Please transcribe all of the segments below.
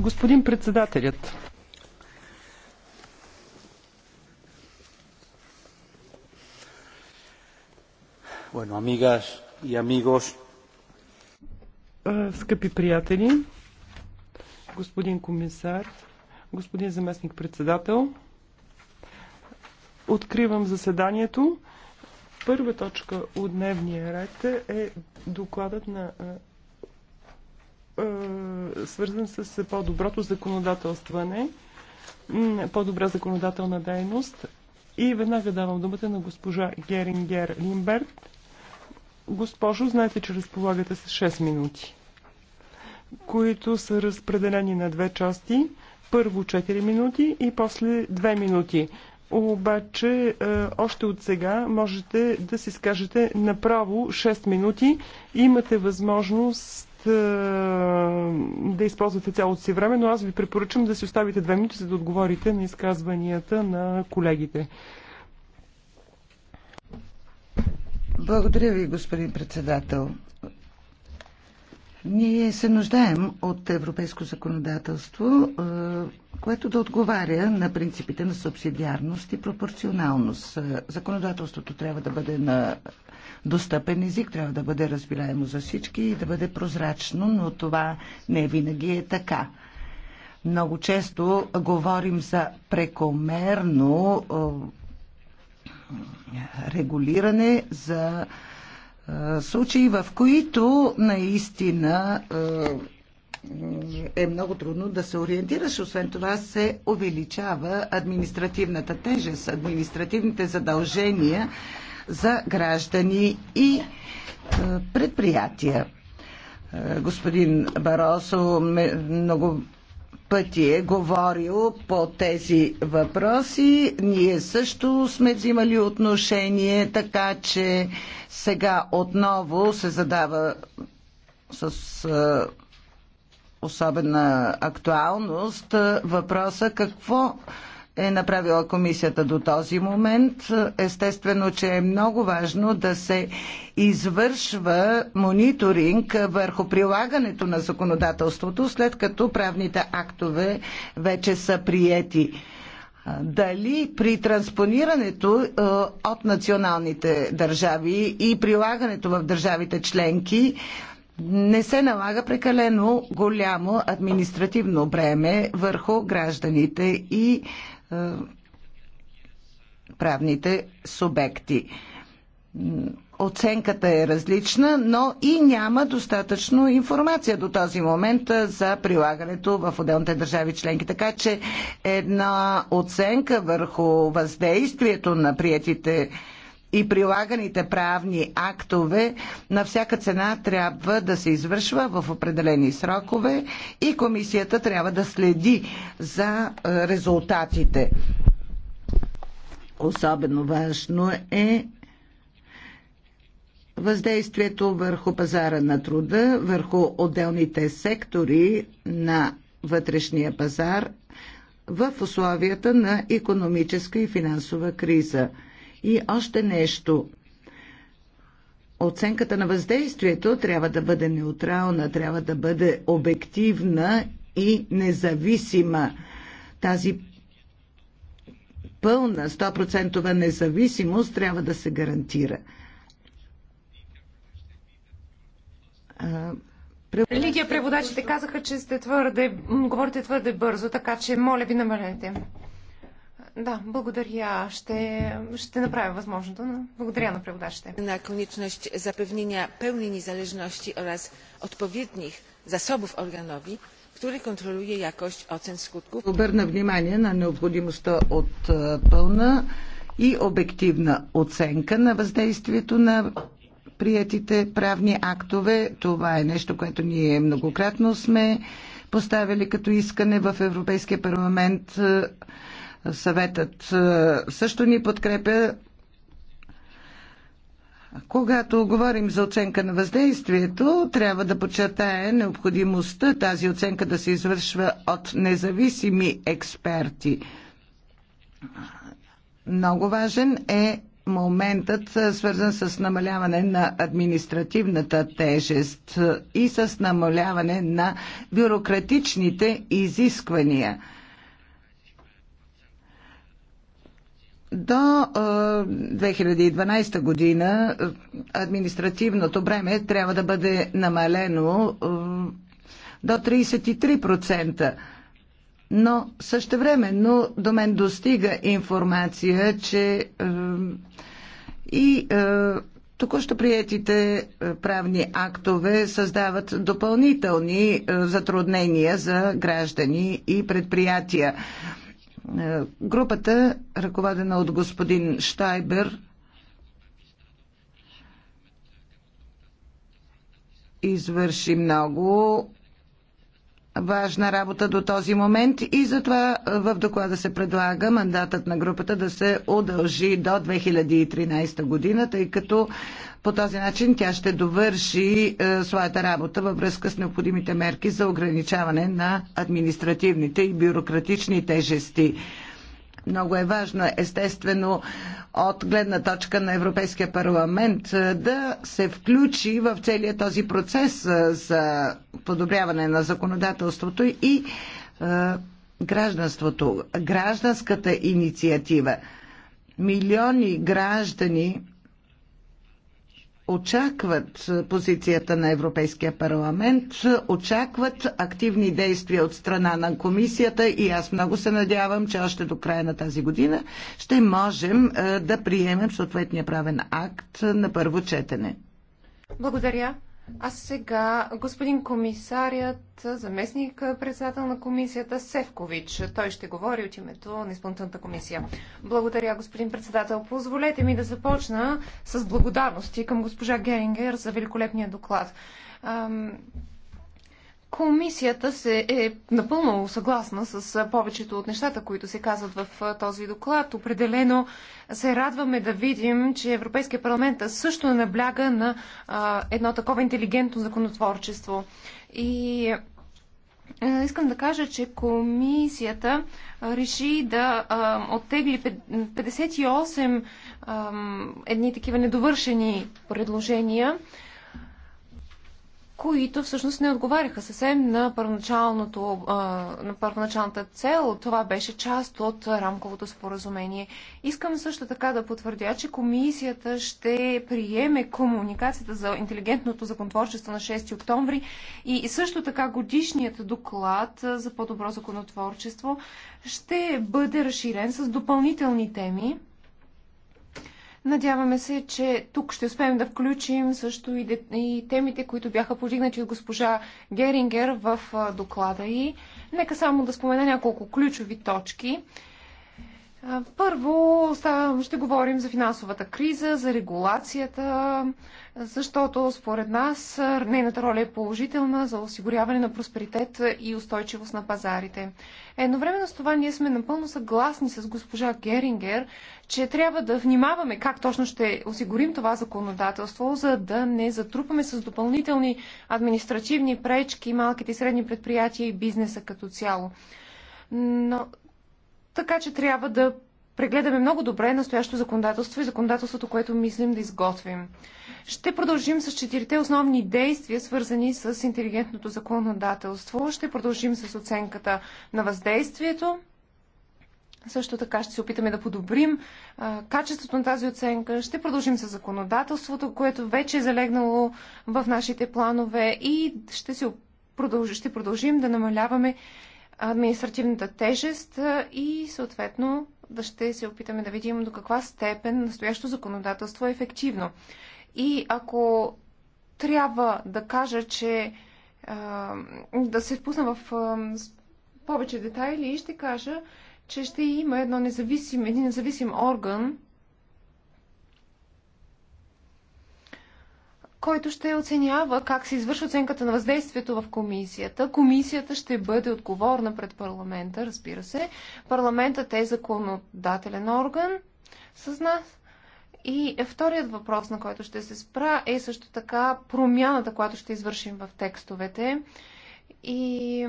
Господин председателят. Е, скъпи приятели, господин комисар, господин заместник председател, откривам заседанието. Първа точка от дневния ред е докладът на е, е, свързан с по-доброто законодателстване, по-добра законодателна дейност. И веднага давам думата на госпожа Герингер Лимберт. Госпожо, знаете, че разполагате с 6 минути, които са разпределени на две части. Първо 4 минути и после 2 минути. Обаче, е, още от сега можете да си скажете направо 6 минути. Имате възможност е, да използвате цялото си време, но аз ви препоръчам да си оставите две минути, за да отговорите на изказванията на колегите. Благодаря ви, господин председател. Ние се нуждаем от европейско законодателство, е, което да отговаря на принципите на субсидиарност и пропорционалност. Е, законодателството трябва да бъде на достъпен език, трябва да бъде разбираемо за всички и да бъде прозрачно, но това не винаги е така. Много често говорим за прекомерно е, регулиране, за случаи, в които наистина е много трудно да се ориентираш. Освен това се увеличава административната тежест, административните задължения за граждани и предприятия. Господин Баросо много пъти е говорил по тези въпроси. Ние също сме взимали отношение, така че сега отново се задава с особена актуалност въпроса какво е направила комисията до този момент. Естествено, че е много важно да се извършва мониторинг върху прилагането на законодателството, след като правните актове вече са приети. Дали при транспонирането е, от националните държави и прилагането в държавите членки не се налага прекалено голямо административно бреме върху гражданите и е, правните субекти. Оценката е различна, но и няма достатъчно информация до този момент е, за прилагането в отделните държави членки. Така че една оценка върху въздействието на приятите и прилаганите правни актове на всяка цена трябва да се извършва в определени срокове и комисията трябва да следи за е, резултатите. Особено важно е въздействието върху пазара на труда, върху отделните сектори на вътрешния пазар в условията на економическа и финансова криза – и още нещо. Оценката на въздействието трябва да бъде неутрална, трябва да бъде обективна и независима. Тази пълна 100% независимост трябва да се гарантира. Религия преводачите казаха, че сте твърде, говорите твърде бързо, така че моля ви намалете. Да, благодаря. Ще, ще направя възможното. Но благодаря на преводачите. На konieczność zapewnienia pełnej niezależności oraz odpowiednich zasobów organowi, który kontroluje jakość ocen skutków. Обърна внимание на необходимостта от е, пълна и обективна оценка на въздействието на приятите правни актове. Това е нещо, което ние многократно сме поставили като искане в Европейския парламент. Е, Съветът също ни подкрепя. Когато говорим за оценка на въздействието, трябва да подчертая необходимостта тази оценка да се извършва от независими експерти. Много важен е моментът, свързан с намаляване на административната тежест и с намаляване на бюрократичните изисквания – До 2012 година административното бреме трябва да бъде намалено до 33%. Но същевременно до мен достига информация, че и Току-що приятите правни актове създават допълнителни затруднения за граждани и предприятия. Е, групата, ръководена от господин Штайбер, извърши много важна работа до този момент и затова е, в доклада се предлага мандатът на групата да се удължи до 2013 година, тъй като по този начин тя ще довърши е, своята работа във връзка с необходимите мерки за ограничаване на административните и бюрократични тежести. Много е важно, естествено, от гледна точка на Европейския парламент е, да се включи в целия този процес е, за подобряване на законодателството и е, гражданството, гражданската инициатива. Милиони граждани очакват позицията на Европейския парламент, очакват активни действия от страна на комисията и аз много се надявам, че още до края на тази година ще можем е, да приемем съответния правен акт на първо четене. Благодаря. А сега господин комисарят, заместник председател на комисията Севкович. Той ще говори от името на изпълнителната комисия. Благодаря, господин председател. Позволете ми да започна с благодарности към госпожа Герингер за великолепния доклад. Комисията се е напълно съгласна с повечето от нещата, които се казват в този доклад. Определено се радваме да видим, че Европейския парламент също набляга на а, едно такова интелигентно законотворчество. И а, искам да кажа, че комисията реши да а, оттегли 58 едни такива недовършени предложения които всъщност не отговаряха съвсем на, първоначалното, на първоначалната цел. Това беше част от рамковото споразумение. Искам също така да потвърдя, че комисията ще приеме комуникацията за интелигентното законотворчество на 6 октомври и също така годишният доклад за по-добро законотворчество ще бъде разширен с допълнителни теми Надяваме се, че тук ще успеем да включим също и, де, и темите, които бяха подигнати от госпожа Герингер в доклада и нека само да спомена няколко ключови точки. Първо ще говорим за финансовата криза, за регулацията, защото според нас нейната роля е положителна за осигуряване на просперитет и устойчивост на пазарите. Едновременно с това ние сме напълно съгласни с госпожа Герингер, че трябва да внимаваме как точно ще осигурим това законодателство, за да не затрупаме с допълнителни административни пречки малките и средни предприятия и бизнеса като цяло. Но така че трябва да прегледаме много добре настоящото законодателство и законодателството, което мислим да изготвим. Ще продължим с четирите основни действия, свързани с интелигентното законодателство. Ще продължим с оценката на въздействието. Също така ще се опитаме да подобрим а, качеството на тази оценка. Ще продължим с законодателството, което вече е залегнало в нашите планове и ще, се продълж, ще продължим да намаляваме административната тежест и съответно да ще се опитаме да видим до каква степен настоящо законодателство е ефективно. И ако трябва да кажа, че а, да се впусна в а, повече детайли, ще кажа, че ще има едно независим, един независим орган, който ще оценява как се извършва оценката на въздействието в комисията. Комисията ще бъде отговорна пред парламента, разбира се. Парламентът е законодателен орган с нас. И вторият въпрос, на който ще се спра, е също така промяната, която ще извършим в текстовете. И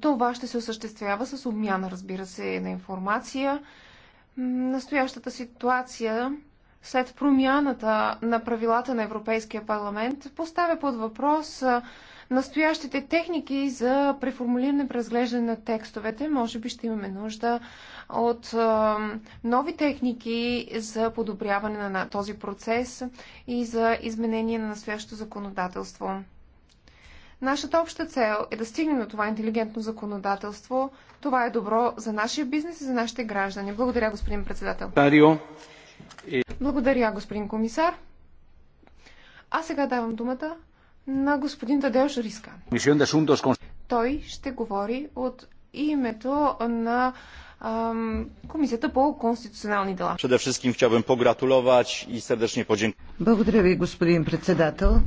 това ще се осъществява с обмяна, разбира се, на информация. Настоящата ситуация след промяната на правилата на Европейския парламент поставя под въпрос настоящите техники за преформулиране, и преразглеждане на текстовете. Може би ще имаме нужда от нови техники за подобряване на този процес и за изменение на настоящото законодателство. Нашата обща цел е да стигнем до това интелигентно законодателство. Това е добро за нашия бизнес и за нашите граждани. Благодаря, господин председател. Благодаря, господин комисар. А сега давам думата на господин Тадеош Риска. Той ще говори от името на ам, Комисията по конституционални дела. Благодаря ви, господин председател.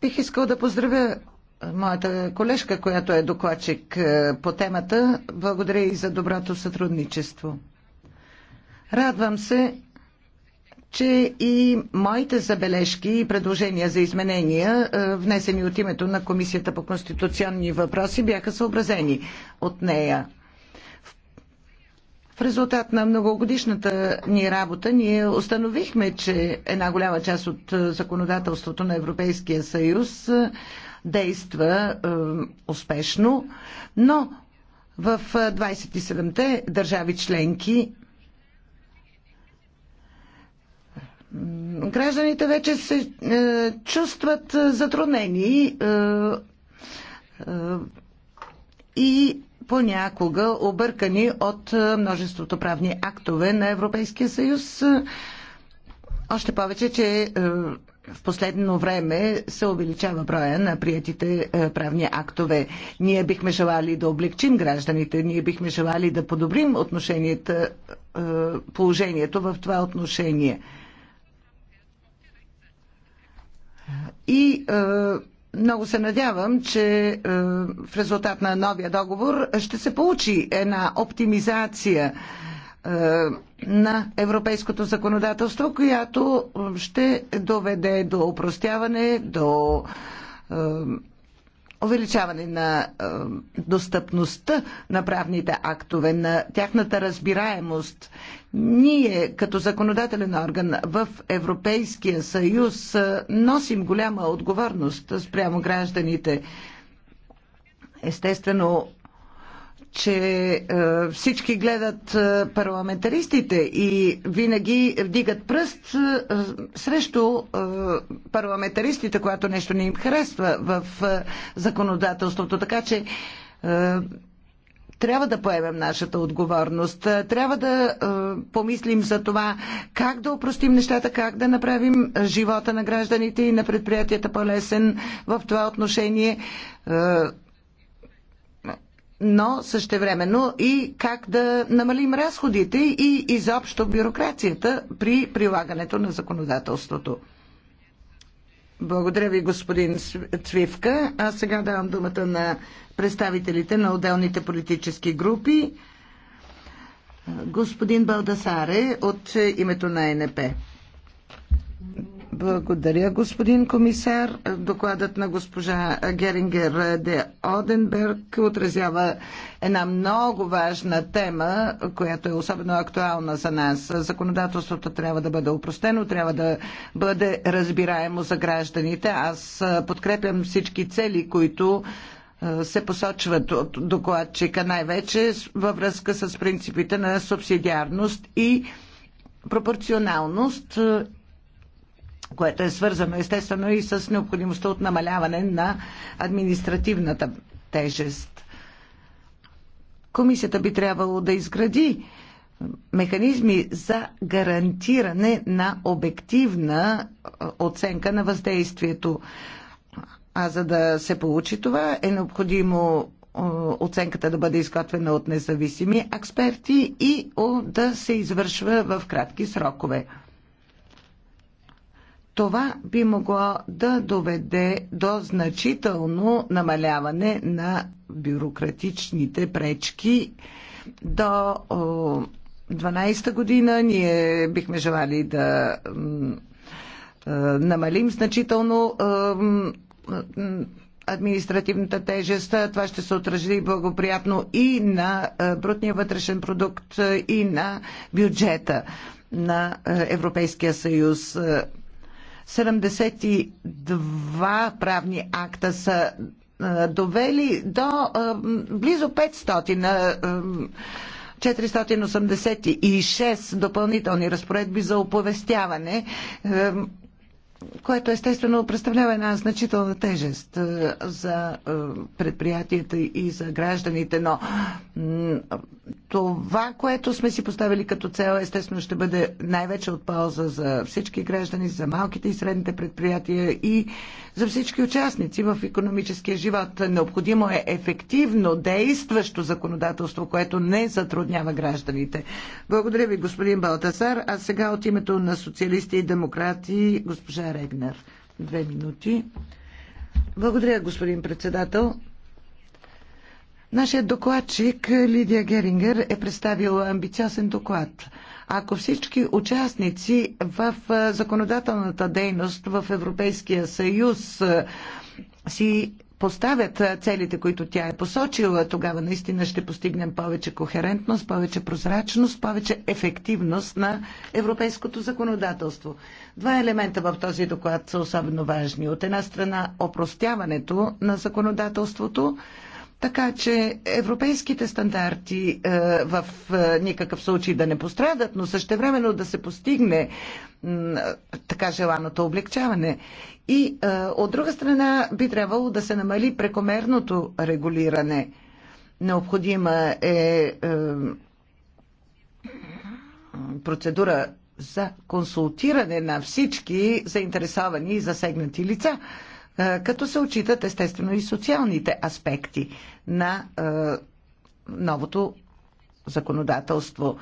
Бих искал да поздравя моята колежка, която е докладчик по темата. Благодаря и за доброто сътрудничество. Радвам се, че и моите забележки и предложения за изменения, е, внесени от името на Комисията по конституционни въпроси, бяха съобразени от нея. В резултат на многогодишната ни работа ние установихме, че една голяма част от е, законодателството на Европейския съюз е, действа е, успешно, но в 27-те държави членки гражданите вече се е, чувстват е, затруднени е, е, и понякога объркани от е, множеството правни актове на Европейския съюз. Още повече, че е, в последно време се увеличава броя на приятите правни актове. Ние бихме желали да облегчим гражданите, ние бихме желали да подобрим отношенията, положението в това отношение. И е, много се надявам, че е, в резултат на новия договор ще се получи една оптимизация е, на европейското законодателство, която ще доведе до упростяване, до увеличаване на е, достъпността на правните актове, на тяхната разбираемост. Ние, като законодателен орган в Европейския съюз, е, носим голяма отговорност спрямо гражданите. Естествено, че е, всички гледат е, парламентаристите и винаги вдигат пръст е, срещу парламентаристите, когато нещо не им харесва в законодателството. Така че трябва да поемем нашата отговорност. Трябва да е, помислим за това как да упростим нещата, как да направим живота на гражданите и на предприятията по-лесен в това отношение. Е, но същевременно и как да намалим разходите и изобщо бюрокрацията при прилагането на законодателството. Благодаря ви, господин Цвивка. А сега давам думата на представителите на отделните политически групи. Господин Балдасаре от името на НП. Благодаря, господин комисар. Докладът на госпожа Герингер де Оденберг отразява една много важна тема, която е особено актуална за нас. Законодателството трябва да бъде упростено, трябва да бъде разбираемо за гражданите. Аз подкрепям всички цели, които се посочват от докладчика най-вече във връзка с принципите на субсидиарност и пропорционалност което е свързано естествено и с необходимостта от намаляване на административната тежест. Комисията би трябвало да изгради механизми за гарантиране на обективна оценка на въздействието. А за да се получи това, е необходимо оценката да бъде изготвена от независими експерти и да се извършва в кратки срокове. Това би могло да доведе до значително намаляване на бюрократичните пречки до 12-та година. Ние бихме желали да намалим значително административната тежест. Това ще се отрази благоприятно и на брутния вътрешен продукт, и на бюджета на Европейския съюз. 72 правни акта са довели до близо 500 на 486 допълнителни разпоредби за оповестяване което естествено представлява една значителна тежест е, за е, предприятията и за гражданите, но това, което сме си поставили като цел, естествено ще бъде най-вече от полза за всички граждани, за малките и средните предприятия и за всички участници в економическия живот. Необходимо е ефективно действащо законодателство, което не затруднява гражданите. Благодаря ви, господин Балтасар. А сега от името на социалисти и демократи, госпожа Регнер. Две минути. Благодаря, господин председател. Нашият докладчик Лидия Герингер е представила амбициозен доклад. Ако всички участници в законодателната дейност в Европейския съюз си поставят целите, които тя е посочила, тогава наистина ще постигнем повече кохерентност, повече прозрачност, повече ефективност на европейското законодателство. Два елемента в този доклад са особено важни. От една страна, опростяването на законодателството, така че европейските стандарти е, в е, никакъв случай да не пострадат, но същевременно да се постигне така желаното облегчаване. И е, от друга страна би трябвало да се намали прекомерното регулиране. Необходима е процедура за консултиране на всички заинтересовани и засегнати лица – е, като се отчитат естествено и социалните аспекти на е, новото законодателство.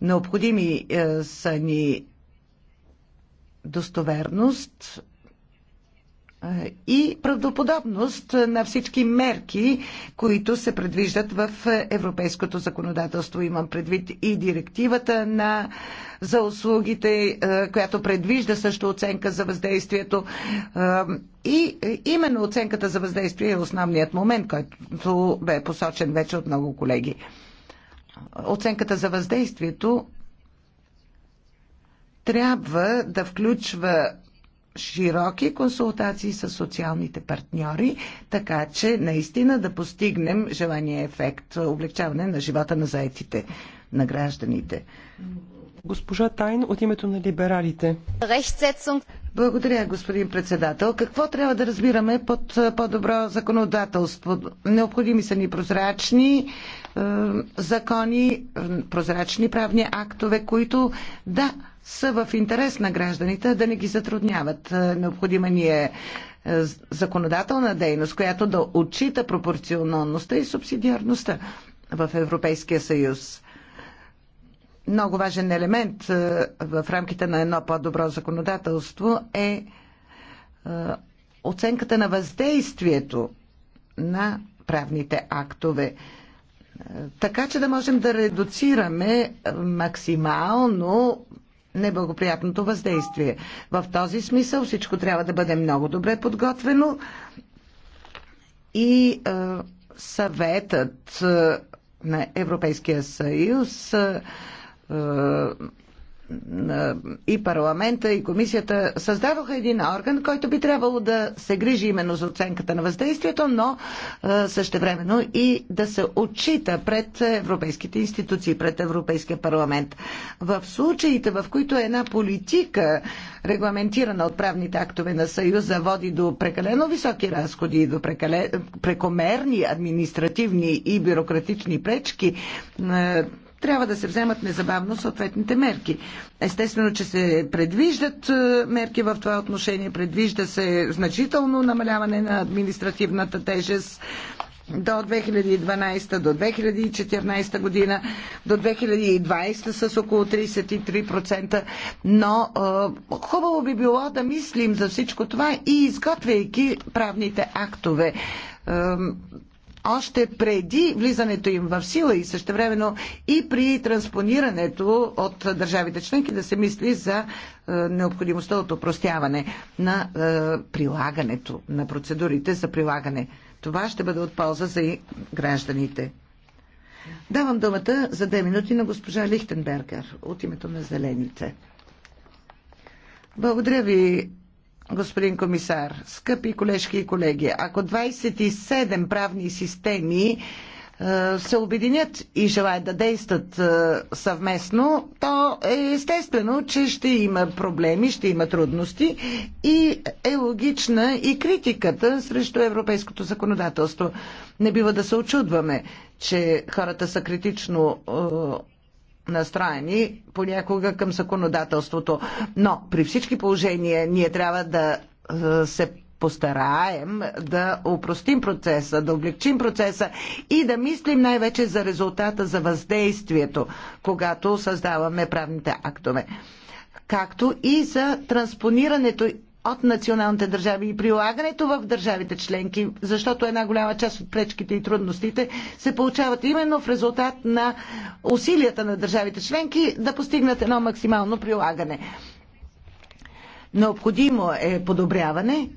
Необходими е, са ни достоверност, и правдоподобност на всички мерки, които се предвиждат в европейското законодателство. Имам предвид и директивата на, за услугите, която предвижда също оценка за въздействието. И именно оценката за въздействие е основният момент, който бе посочен вече от много колеги. Оценката за въздействието трябва да включва широки консултации с социалните партньори, така че наистина да постигнем желания ефект облегчаване на живота на заетите, на гражданите. Госпожа Тайн от името на либералите. Благодаря, господин председател. Какво трябва да разбираме под по-добро законодателство? Необходими са ни прозрачни е, закони, прозрачни правни актове, които да са в интерес на гражданите, да не ги затрудняват. Е, необходима ни е, е законодателна дейност, която да отчита пропорционалността и субсидиарността в Европейския съюз. Много важен елемент е, в рамките на едно по-добро законодателство е оценката на въздействието на правните актове така че да можем да редуцираме максимално неблагоприятното въздействие. В този смисъл всичко трябва да бъде много добре подготвено и е, съветът е, на Европейския съюз е, и парламента, и комисията създадоха един орган, който би трябвало да се грижи именно за оценката на въздействието, но същевременно и да се отчита пред европейските институции, пред Европейския парламент. В случаите, в които една политика, регламентирана от правните актове на Съюза, води до прекалено високи разходи и до прекомерни административни и бюрократични пречки, трябва да се вземат незабавно съответните мерки. Естествено, че се предвиждат е, мерки в това отношение, предвижда се значително намаляване на административната тежест до 2012, до 2014 година, до 2020 с около 33%. Но е, хубаво би било да мислим за всичко това и изготвяйки правните актове. Е, още преди влизането им в сила и същевременно и при транспонирането от държавите членки да се мисли за е, необходимостта от опростяване на е, прилагането, на процедурите за прилагане. Това ще бъде от полза за и гражданите. Давам думата за две минути на госпожа Лихтенбергер от името на Зелените. Благодаря ви, господин комисар, скъпи колежки и колеги, ако 27 правни системи е, се обединят и желаят да действат е, съвместно, то е естествено, че ще има проблеми, ще има трудности и е логична и критиката срещу европейското законодателство. Не бива да се очудваме, че хората са критично е, настроени понякога към законодателството. Но при всички положения ние трябва да е, се постараем да упростим процеса, да облегчим процеса и да мислим най-вече за резултата, за въздействието, когато създаваме правните актове както и за транспонирането от националните държави и прилагането в държавите членки, защото една голяма част от пречките и трудностите се получават именно в резултат на усилията на държавите членки да постигнат едно максимално прилагане. Необходимо е подобряване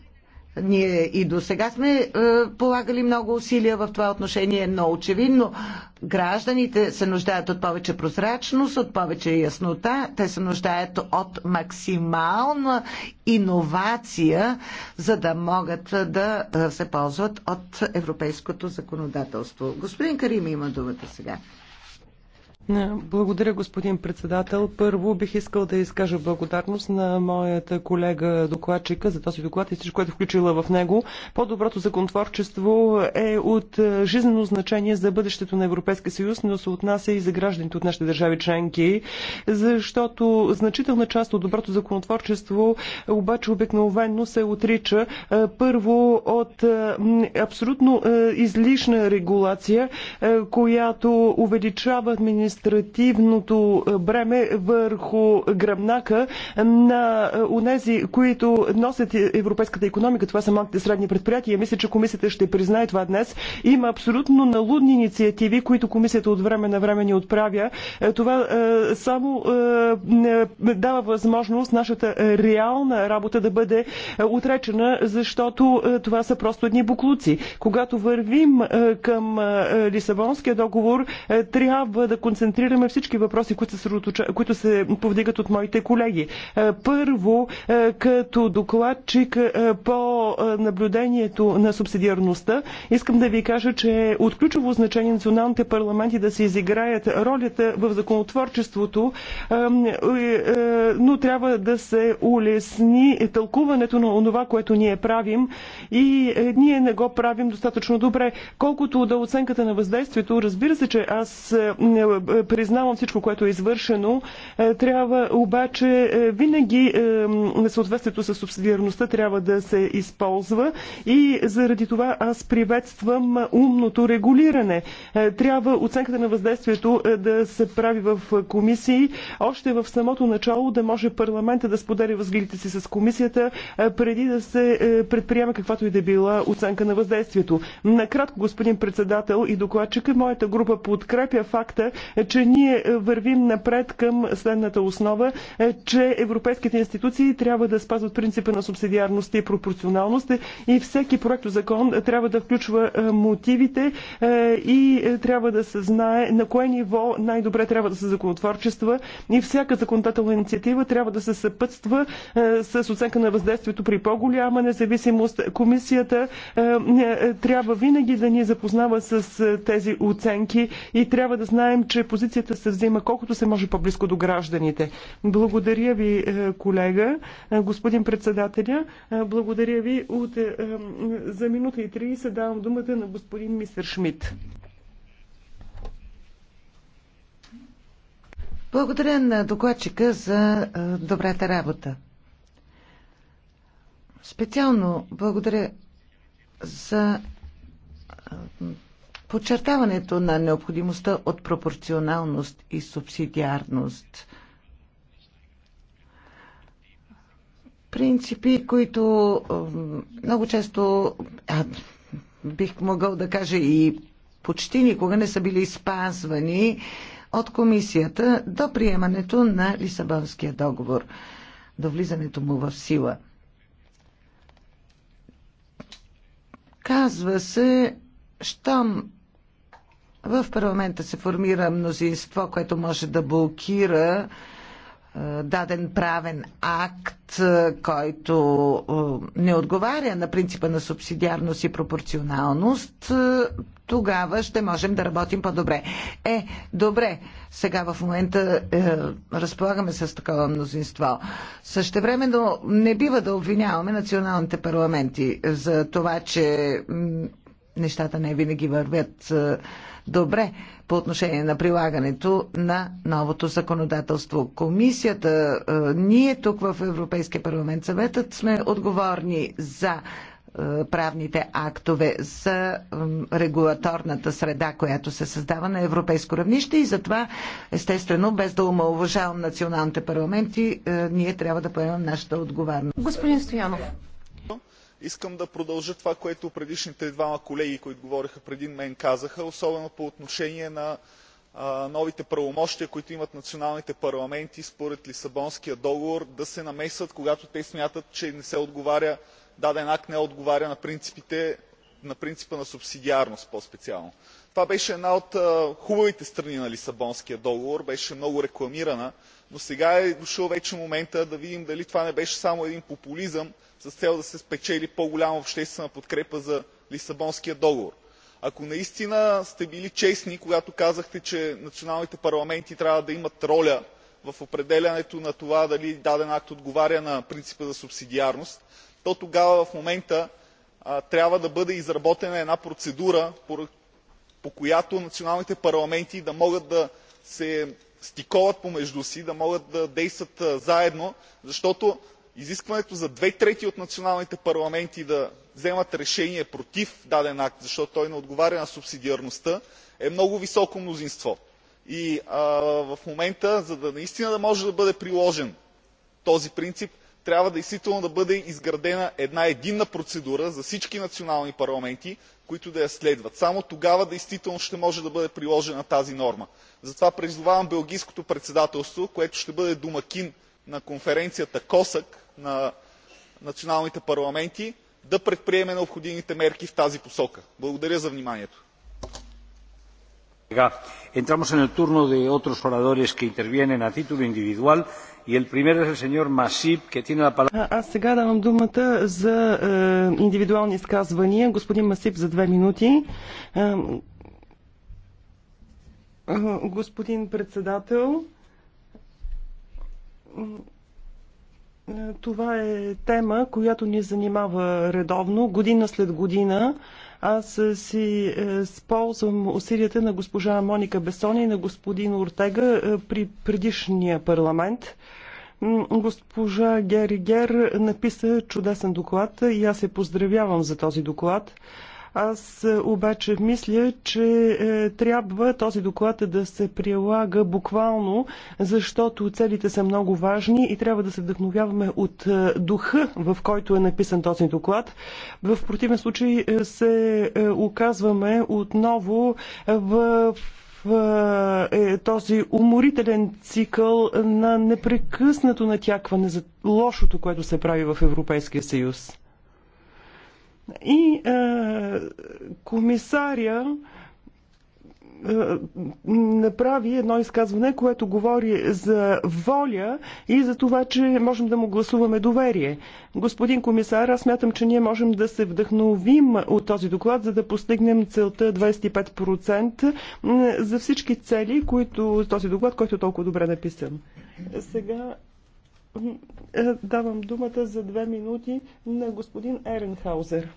ние и до сега сме е, полагали много усилия в това отношение, но очевидно гражданите се нуждаят от повече прозрачност, от повече яснота. Те се нуждаят от максимална иновация, за да могат да е, се ползват от европейското законодателство. Господин Карим има думата сега. Е, благодаря, господин председател. Първо бих искал да изкажа благодарност на моята колега докладчика за този доклад и всичко, което е включила в него. По-доброто законотворчество е от е, жизнено значение за бъдещето на Европейския съюз, но се отнася и за гражданите от нашите държави членки, защото значителна част от доброто законотворчество обаче обикновено се отрича е, първо от абсолютно излишна регулация, която увеличава администрацията административното е, бреме върху гръбнака на унези, е, които носят европейската економика. Това са малките средни предприятия. Мисля, че комисията ще признае това днес. Има абсолютно налудни инициативи, които комисията от време на време ни отправя. Е, това само дава възможност нашата реална работа да бъде отречена, защото това са просто едни буклуци. Когато вървим към Лисабонския договор, трябва да концентрираме концентрираме всички въпроси, които се, които се повдигат от моите колеги. Е, първо, е, като докладчик е, по наблюдението на субсидиарността, искам да ви кажа, че от ключово значение националните парламенти да се изиграят ролята в законотворчеството, но трябва да се улесни тълкуването на това, което ние правим и ние не го правим достатъчно добре. Колкото до оценката на въздействието, разбира се, че аз е, признавам всичко, което е извършено. Е, трябва обаче е, винаги съответствието с субсидиарността трябва да се използва и заради това аз приветствам умното регулиране. Трябва оценката на въздействието да се прави в комисии. Още в самото начало да може парламента да споделя възгледите си с комисията, преди да се предприема каквато и да била оценка на въздействието. Накратко, господин председател и докладчика, моята група подкрепя факта, че ние вървим напред към следната основа, е, че европейските институции трябва да спазват принципа на субсидиарност и пропорционалност и всеки проект закон трябва да включва е, мотивите е, и трябва да се знае на кое ниво най-добре трябва да се законотворчества и всяка законодателна инициатива трябва да се съпътства с оценка на въздействието при по-голяма независимост. Комисията трябва винаги да ни запознава с тези оценки и трябва да знаем, че позицията се взема колкото се може по-близко до гражданите. Благодаря ви, е, колега, е, господин председателя. Е, благодаря ви. От, за минута и три се давам думата на господин мистер Шмидт. Благодаря на докладчика за добрата работа. Специално благодаря за подчертаването на необходимостта от пропорционалност и субсидиарност. Принципи, които много често а, бих могъл да кажа и почти никога не са били спазвани от комисията до приемането на Лисабонския договор, до влизането му в сила. Казва се, щом в парламента се формира мнозинство, което може да блокира е, даден правен акт, е, който е, не отговаря на принципа на субсидиарност и пропорционалност, тогава ще можем да работим по-добре. Е, добре, сега в момента е, разполагаме с такова мнозинство. Същевременно не бива да обвиняваме националните парламенти за това, че нещата не винаги вървят. Е, добре по отношение на прилагането на новото законодателство. Комисията, е, ние тук в Европейския парламент, съветът сме отговорни за е, правните актове за регулаторната среда, която се създава на европейско равнище и затова, естествено, без да омалуважавам националните парламенти, е, ние трябва да поемем нашата отговорност. Господин Стоянов, искам да продължа това което предишните двама колеги които говориха преди мен казаха особено по отношение на новите правомощия които имат националните парламенти според лисабонския договор да се намесват когато те смятат че даден акт не отговаря на принципа на субсидиарност по специално. това беше една от хубавите страни на лисабонския договор беше много рекламирана но сега е дошъл вече моментът да видим дали това не беше само един популизъм с цел да се спечели по голяма обществена подкрепа за лисабонския договор. ако наистина сте били честни когато казахте че националните парламенти трябва да имат роля в определянето на това дали даден акт отговаря на принципа за субсидиарност то тогава в момента трябва да бъде изработена една процедура по която националните парламенти да могат да се стиковат помежду си да могат да действат заедно защото изискването за две трети от националните парламенти да вземат решение против даден акт защото той не отговаря на субсидиарността е много високо мнозинство. в момента за да може да бъде приложен този принцип трябва действително да бъде изградена една единна процедура за всички национални парламенти които да я следват. само тогава действително ще може да бъде приложена тази норма. затова призовавам белгийското председателство което ще бъде домакин на конференцията косък на националните парламенти да предприеме необходимите мерки в тази посока. благодаря за вниманието. entramos en el turno de otros oradores que intervienen a título individual y el primero es el señor masip que tiene la palabra. Аз сега давам думата за е, индивидуални изказвания. Господин Масип за две минути. господин председател, това е тема, която ни занимава редовно, година след година. Аз си е, използвам усилията на госпожа Моника Бесони и на господин Ортега е, при предишния парламент. Госпожа Гери Гер написа чудесен доклад и аз се поздравявам за този доклад. Аз е, обаче мисля, че е, трябва този доклад да се прилага буквално, защото целите са много важни и трябва да се вдъхновяваме от е, духа, в който е написан този доклад. В противен случай е, се е, оказваме отново в в е, този уморителен цикъл на непрекъснато натякване за лошото, което се прави в Европейския съюз. И е, комисаря е, направи едно изказване, което говори за воля и за това, че можем да му гласуваме доверие. Господин комисар, аз смятам, че ние можем да се вдъхновим от този доклад, за да постигнем целта 25% за всички цели, които този доклад, който е толкова добре написан. Сега е, давам думата за две минути на господин Еренхаузер.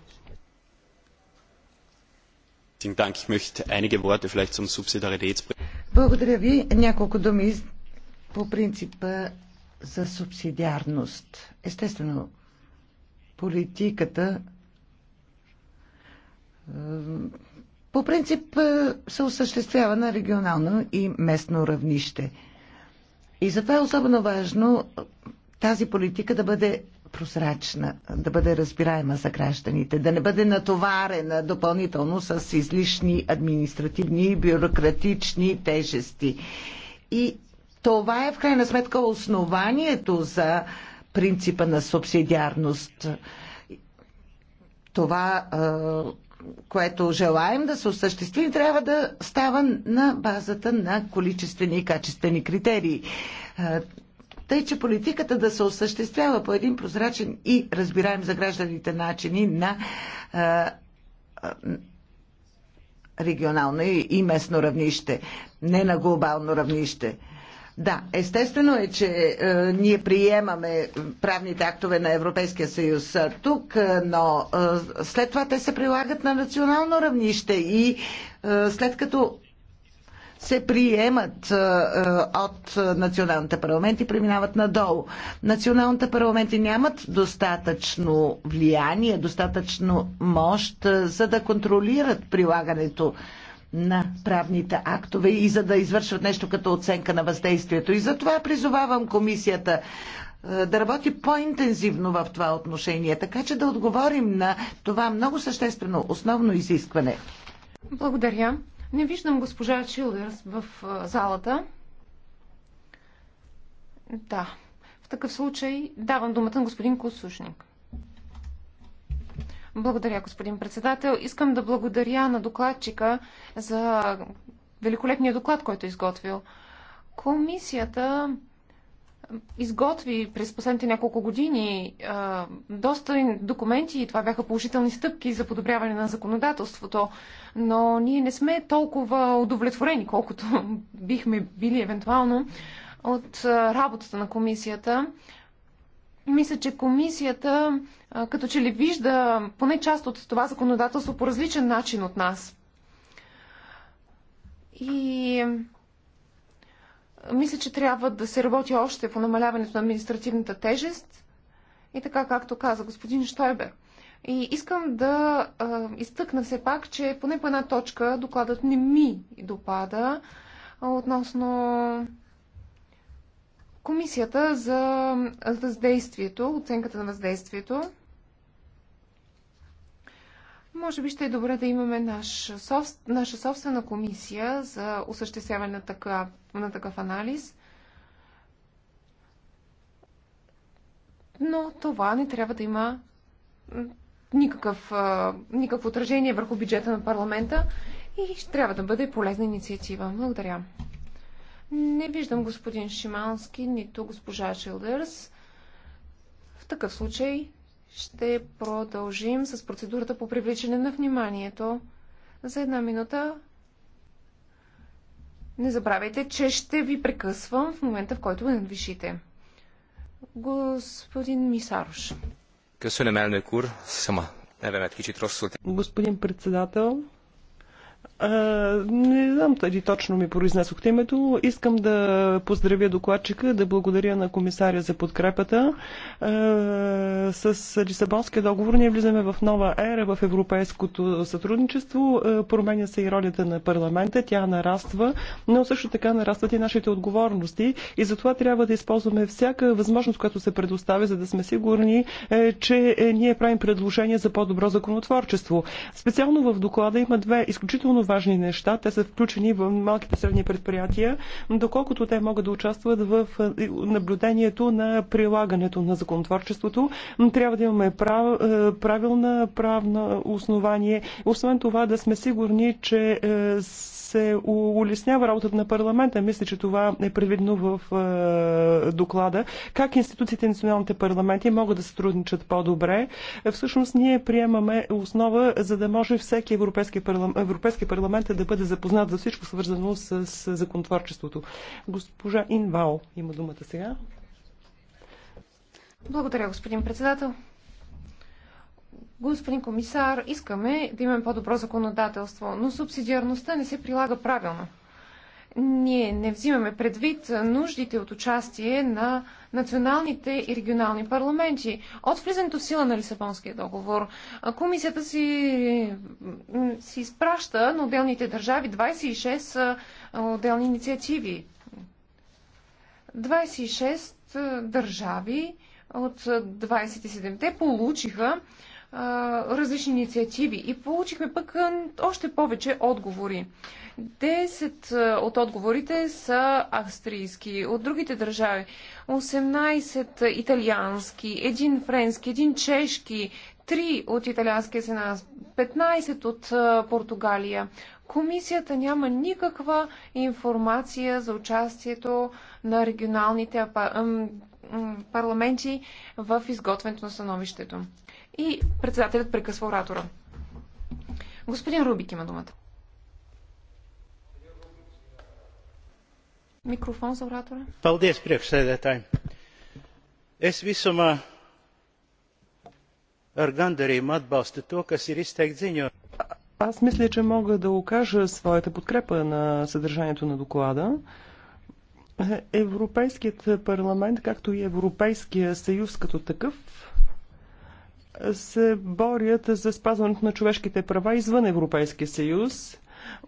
Благодаря ви. Няколко думи по принципа за субсидиарност. Естествено, политиката е, по принцип е, се осъществява на регионално и местно равнище. И затова е особено важно тази политика да бъде прозрачна, да бъде разбираема за гражданите, да не бъде натоварена допълнително с излишни административни и бюрократични тежести. И това е в крайна сметка основанието за принципа на субсидиарност. Това, което желаем да се осъществи, трябва да става на базата на количествени и качествени критерии. Тъй, че политиката да се осъществява по един прозрачен и разбираем за гражданите начини на регионално и местно равнище, не на глобално равнище. Да, естествено е, че е, ние приемаме правните актове на Европейския съюз тук, но е, след това те се прилагат на национално равнище и е, след като се приемат е, е, от националните парламенти, преминават надолу. Националните парламенти нямат достатъчно влияние, достатъчно мощ, е, за да контролират прилагането на правните актове и за да извършват нещо като оценка на въздействието. И затова призовавам комисията да работи по-интензивно в това отношение, така че да отговорим на това много съществено основно изискване. Благодаря. Не виждам госпожа Чилдърс в залата. Да. В такъв случай давам думата на господин Косушник. Благодаря, господин председател. Искам да благодаря на докладчика за великолепния доклад, който е изготвил. Комисията изготви през последните няколко години а, доста документи и това бяха положителни стъпки за подобряване на законодателството, но ние не сме толкова удовлетворени, колкото бихме били евентуално от работата на комисията. Мисля, че комисията а, като че ли вижда поне част от това законодателство по различен начин от нас. И мисля, че трябва да се работи още по намаляването на административната тежест и така, както каза господин Штойбер. И искам да а, изтъкна все пак, че поне по една точка докладът не ми допада относно комисията за въздействието, оценката на въздействието. Може би ще е добре да имаме наша, наша собствена комисия за осъществяване на такъв, на такъв анализ. Но това не трябва да има никакъв, никакво отражение върху бюджета на парламента и ще трябва да бъде полезна инициатива. Благодаря. Не виждам господин Шимански, нито госпожа Шилдърс. В такъв случай ще продължим с процедурата по привличане на вниманието. За една минута не забравяйте, че ще ви прекъсвам в момента, в който ме надвишите. Господин Мисарош. Господин председател, не знам дали точно ми произнесохте името. Искам да поздравя докладчика, да благодаря на комисаря за подкрепата. С Лисабонския договор ние влизаме в нова ера в европейското сътрудничество. Променя се и ролята на парламента, тя нараства, но също така нарастват и нашите отговорности и затова трябва да използваме всяка възможност, която се предоставя, за да сме сигурни, е, че е, ние правим предложения за по-добро законотворчество. Специално в доклада има две изключително изключително важни неща. Те са включени в малките средни предприятия, доколкото те могат да участват в е, наблюдението на прилагането на законотворчеството. Трябва да имаме прав, е, правилна правна основание. Освен това да сме сигурни, че е, се улеснява работата на парламента. Мисля, че това е предвидено в е, доклада. Как институциите и националните парламенти могат да сътрудничат по-добре? Е, всъщност ние приемаме основа, за да може всеки европейски парламент, европейски парламент да бъде запознат за всичко свързано с, с законотворчеството. Госпожа Инвао има думата сега. Благодаря, господин председател господин комисар, искаме да имаме по-добро законодателство, но субсидиарността не се прилага правилно. Ние не взимаме предвид нуждите от участие на националните и регионални парламенти. От влизането в сила на Лисабонския договор, комисията си, си изпраща на отделните държави 26 отделни инициативи. 26 държави от 27-те получиха различни инициативи и получихме пък още повече отговори. Десет от отговорите са австрийски, от другите държави 18 италиански, един френски, един чешки, 3 от италианския сенат, 15 от Португалия. Комисията няма никаква информация за участието на регионалните парламенти в изготвянето на становището. И председателят прекъсва оратора. Господин Рубик има думата. Микрофон за оратора. Paldies, priekšsēdētāji. Es visumā ar gandarījumu atbalstu to, kas ir izteikts Аз мисля, че мога да окажа своята подкрепа на съдържанието на доклада. Европейският парламент, както и Европейския съюз като такъв, се борят за спазването на човешките права извън Европейския съюз.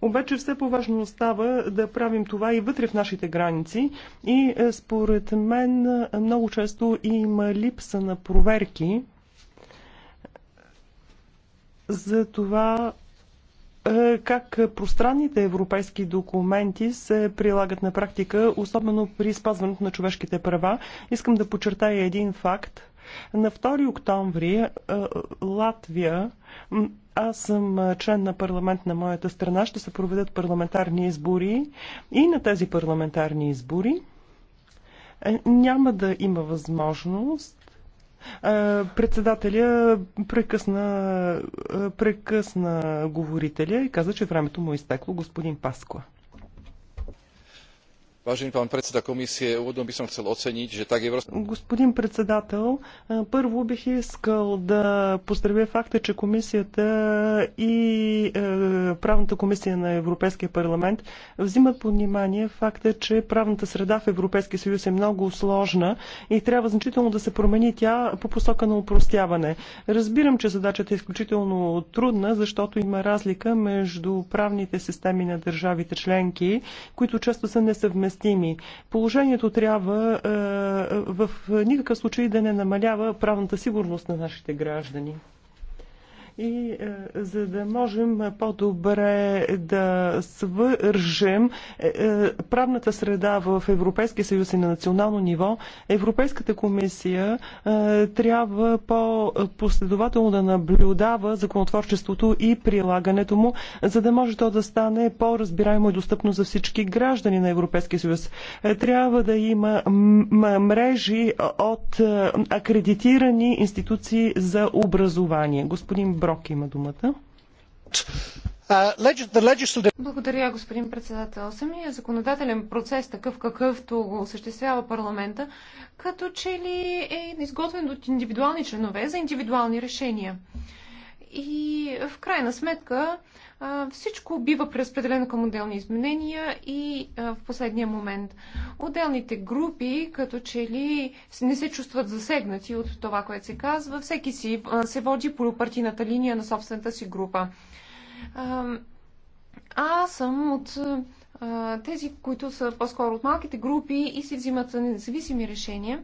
Обаче все по-важно остава да правим това и вътре в нашите граници. И е, според мен много често има липса на проверки за това е, как пространните европейски документи се прилагат на практика, особено при спазването на човешките права. Искам да подчертая един факт. На 2 октомври е, Латвия, аз съм е, член на парламент на моята страна, ще се проведат парламентарни избори и на тези парламентарни избори е, няма да има възможност председателя прекъсна, прекъсна говорителя и каза, че времето му е изтекло господин Паскова. Господин председател, първо бих искал да поздравя факта, че комисията и е, правната комисия на Европейския парламент взимат под внимание факта, че правната среда в Европейския съюз е много сложна и трябва значително да се промени тя по посока на упростяване. Разбирам, че задачата е изключително трудна, защото има разлика между правните системи на държавите членки, които често са несъвместими съвместими. Положението трябва е, в никакъв случай да не намалява правната сигурност на нашите граждани и е, за да можем по-добре да свържем е, е, правната среда в Европейския съюз и на национално ниво, Европейската комисия трябва по-последователно да наблюдава законотворчеството и прилагането му, за да може то да стане по-разбираемо и достъпно за всички граждани на Европейския съюз. Трябва да има мрежи от акредитирани институции за образование. Господин Брок има думата. Благодаря, господин председател. Самия законодателен процес, такъв какъвто го осъществява парламента, като че ли е изготвен от индивидуални членове за индивидуални решения. И в крайна сметка всичко бива преразпределено към отделни изменения и в последния момент. Отделните групи, като че ли не се чувстват засегнати от това, което се казва, всеки си се води по партийната линия на собствената си група. Аз съм от тези, които са по-скоро от малките групи и си взимат независими решения.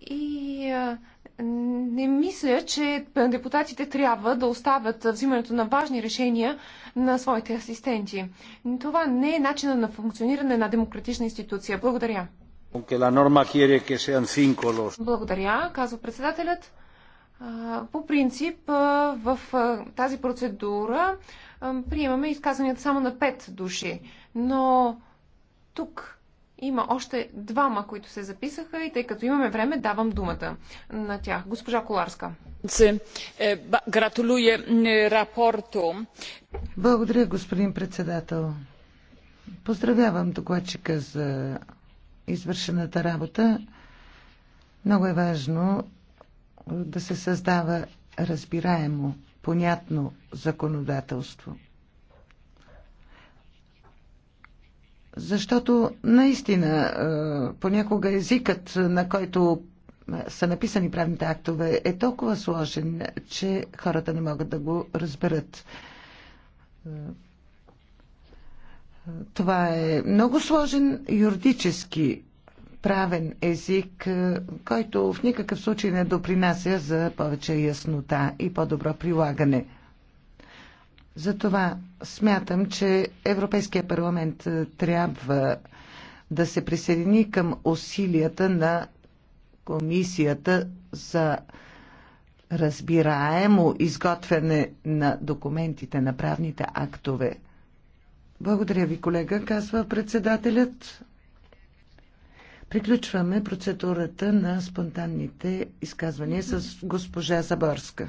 И а, не мисля, че депутатите трябва да оставят взимането на важни решения на своите асистенти. Това не е начинът на функциониране на демократична институция. Благодаря. Благодаря, казва председателят. По принцип, в тази процедура приемаме изказванията само на пет души, но тук има още двама, които се записаха и тъй като имаме време, давам думата на тях. Госпожа Коларска. Е, е, гратулуе е, рапорто. Благодаря, господин председател. Поздравявам докладчика за извършената работа. Много е важно да се създава разбираемо, понятно законодателство. Защото наистина е, понякога езикът, на който е, са написани правните актове, е толкова сложен, че хората не могат да го разберат. Е, това е много сложен юридически правен език, който в никакъв случай не допринася за повече яснота и по-добро прилагане. Затова смятам, че Европейския парламент е, трябва да се присъедини към усилията на Комисията за разбираемо изготвяне на документите, на правните актове. Благодаря ви, колега, казва председателят. Приключваме процедурата на спонтанните изказвания с госпожа Заборска.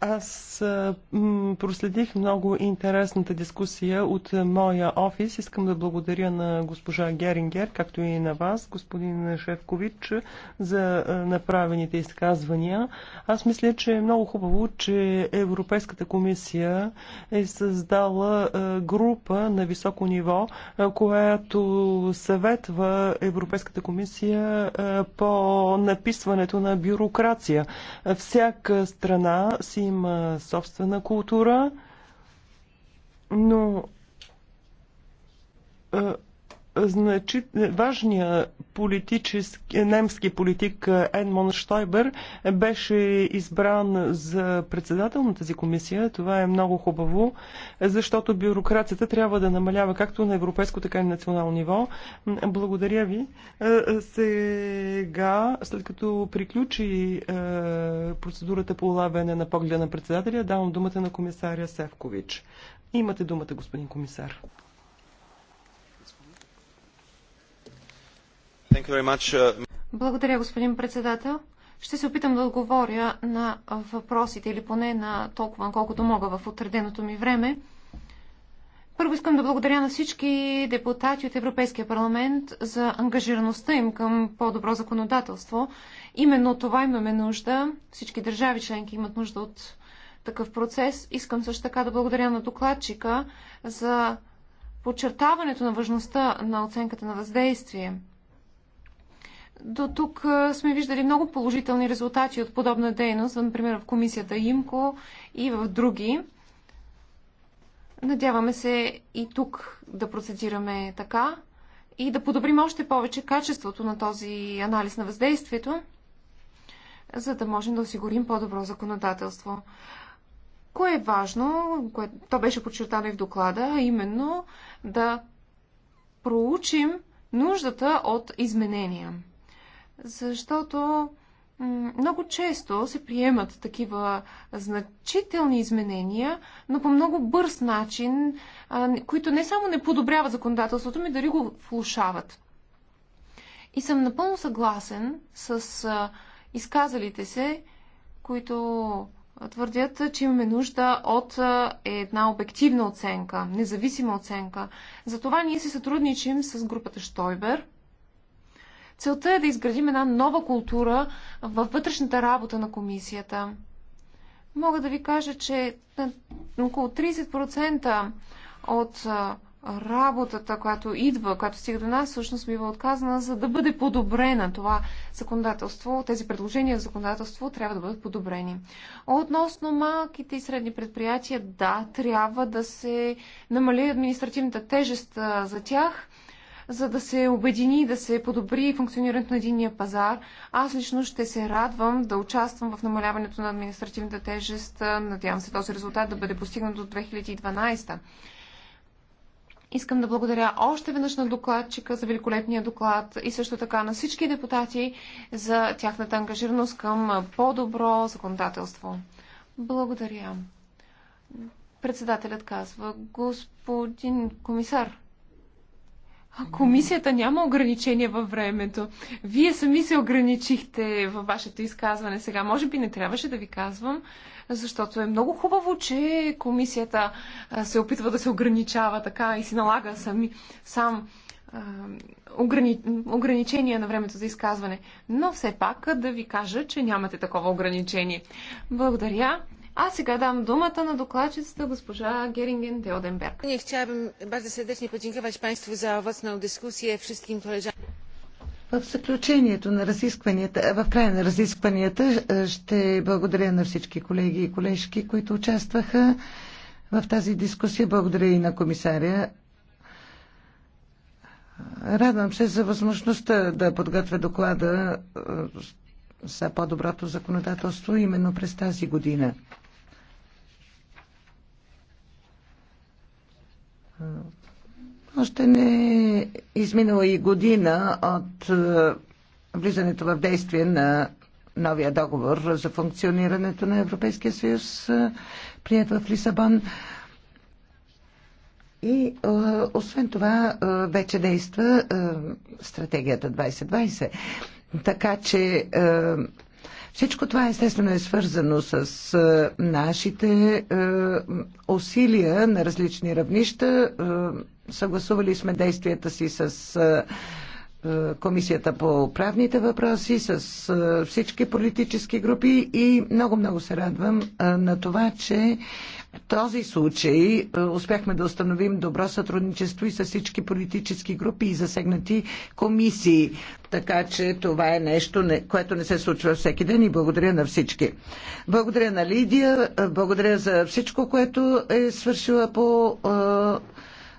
Аз проследих много интересната дискусия от моя офис. Искам да благодаря на госпожа Герингер, както и на вас, господин Шевкович, за направените изказвания. Аз мисля, че е много хубаво, че Европейската комисия е създала група на високо ниво, която съветва Европейската комисия по написването на бюрокрация. Всяка страна си има собствена култура, но Значит важният политически, немски политик Едмон Штойбер беше избран за председател на тази комисия. Това е много хубаво, защото бюрокрацията трябва да намалява както на европейско, така и на национално ниво. Благодаря ви. Сега, след като приключи е, процедурата по улавяне на погледа на председателя, давам думата на комисаря Севкович. Имате думата, господин комисар. Uh, благодаря, господин председател. Ще се опитам да отговоря на въпросите или поне на толкова, колкото мога в отреденото ми време. Първо искам да благодаря на всички депутати от Европейския парламент за ангажираността им към по-добро законодателство. Именно това имаме нужда. Всички държави членки имат нужда от такъв процес. Искам също така да благодаря на докладчика за подчертаването на важността на оценката на въздействие – до тук сме виждали много положителни резултати от подобна дейност, например в комисията ИМКО и в други. Надяваме се и тук да процедираме така и да подобрим още повече качеството на този анализ на въздействието, за да можем да осигурим по-добро законодателство. Кое е важно, кое, то беше подчертано и в доклада, а именно да проучим нуждата от изменения защото много често се приемат такива значителни изменения, но по много бърз начин, които не само не подобряват законодателството, ми дори го влушават. И съм напълно съгласен с изказалите се, които твърдят, че имаме нужда от една обективна оценка, независима оценка. Затова ние се сътрудничим с групата Штойбер – Целта е да изградим една нова култура във вътрешната работа на комисията. Мога да ви кажа, че около 30% от работата, която идва, която стига до нас, всъщност бива отказана, за да бъде подобрена това законодателство. Тези предложения за законодателство трябва да бъдат подобрени. Относно малките и средни предприятия, да, трябва да се намали административната тежест за тях за да се обедини да се подобри функционирането на единния пазар. Аз лично ще се радвам да участвам в намаляването на административната тежест. Надявам се този резултат да бъде постигнат до 2012. Искам да благодаря още веднъж на докладчика за великолепния доклад и също така на всички депутати за тяхната ангажираност към по-добро законодателство. Благодаря. Председателят казва, господин комисар, а Комисията няма ограничения във времето. Вие сами се ограничихте във вашето изказване сега. Може би не трябваше да ви казвам, защото е много хубаво, че комисията се опитва да се ограничава така и си налага сами, сам а, ограни, ограничения на времето за изказване. Но все пак да ви кажа, че нямате такова ограничение. Благодаря. А сега дам думата на докладчицата госпожа Геринген Теоденберг. Nie chciałabym bardzo serdecznie podziękować Państwu za owocną dyskusję, wszystkim koleżankom. В заключението на разискванията, в края на разискванията е, ще благодаря на всички колеги и колежки, които участваха в тази дискусия. Благодаря и на комисаря. Радвам се за възможността да подготвя доклада е, за по-доброто законодателство именно през тази година. Още не е изминала и година от е, влизането в действие на новия договор за функционирането на Европейския съюз, е, прият в Лисабон. И е, освен това вече действа стратегията 2020. Така че всичко това естествено е свързано с нашите усилия на различни равнища. Съгласували сме действията си с Комисията по правните въпроси, с всички политически групи и много-много се радвам на това, че този случай е, успяхме да установим добро сътрудничество и с всички политически групи и засегнати комисии. Така че това е нещо, което не се случва всеки ден и благодаря на всички. Благодаря на Лидия, е, благодаря за всичко, което е свършила по е,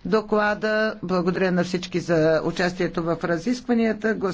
доклада, благодаря на всички за участието в разискванията.